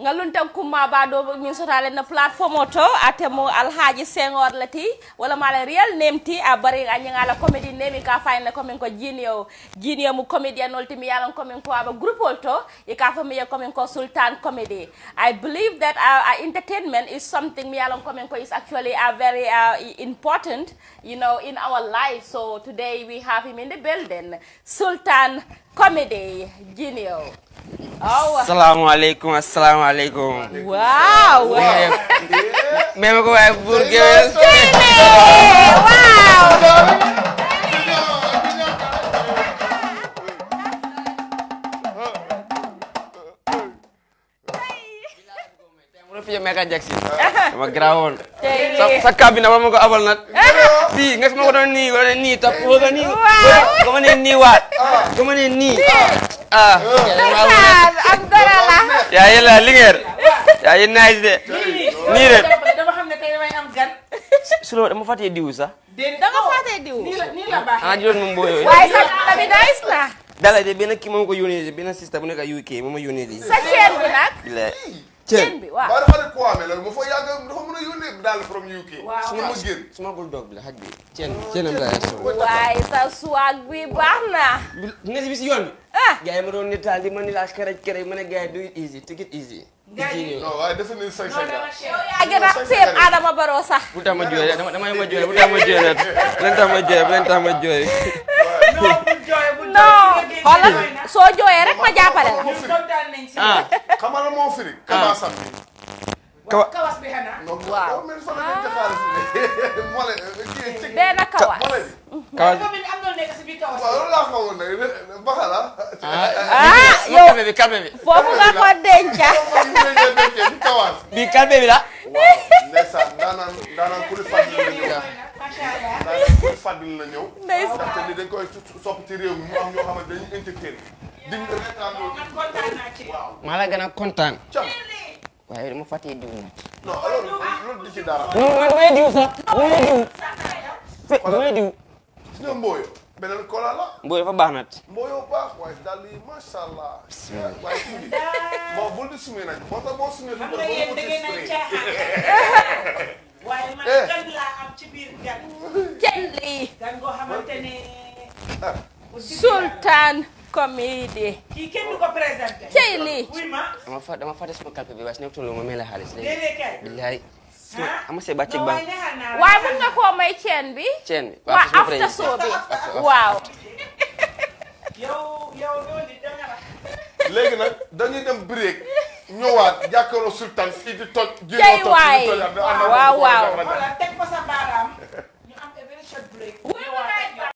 ngaluntam kumma do min sotalen no plateforme o atemo alhaaji sengor le ti walla mala réel nemti a bari a ñingala comédie nemi ka fayna komin ko jinio jinio mo comédien nol timi yalan komin ko aba groupe ol e ka fami ye komin ko sultan Comedy. i believe that our, uh, our entertainment is something mi yalan komin ko is actually a uh, very uh, important you know in our life so today we have him in the building sultan comedy jinio Assalamualaikum, assalamualaikum. Wow. wow. Mesmo com é Wow. Jackson. Sama ground. Si, nggak semua orang ni, orang ni, tapi orang ni. kau ni wat. Kau ni. ah. am dara la. yaa ngi nice de. nii de dama xam ne tey damay am gan. su loolu dama la nii ah, nice la. dala de benn kii moom ko yónnee benn sista bu nekk UK moom a yónnee lii. sa chaîne bi nag. ceen bi a yónnee bi la xaj bi. ceen bi ceenam laa waaye sa swag bi baax na. gars yi ma doon nitaal ma ni laaj kerec kerec ma ne gars yi do it easy take it easy. gars yi non waaye dafa ni say say daa. yow yaa gën a Adama Barrow sax. bu la. ah xam kawas. Ah, ah, ah yow calme bi calme bi. foofu nga ko denc. bi calme bi la. waaw ndeysaan daanaan daanaan ku la ñëw. ndeysaan ci réew mi mu maa la gën kontaan. waaye dama fàttee diw nag. non alors loolu di ci dara. man man diw sax. man diw. man diw. beneen kola la. fa baax na. mbooyoo waaye dàll yi macha allah. waaye suñu bon bul di sumee nag boo eh. ah. fa dama fàtte sama calpe bi waaye su nekkutoon loolu ma la xaalis léegi. déedéet amu see bàcceeg baax waaye mun nga koo ceen bi. ceen bi waaw after show waaw. yow nag dañuy dem break ñëwaat jàkkaarloo sultan fii di toj. jéem a waaw waaw.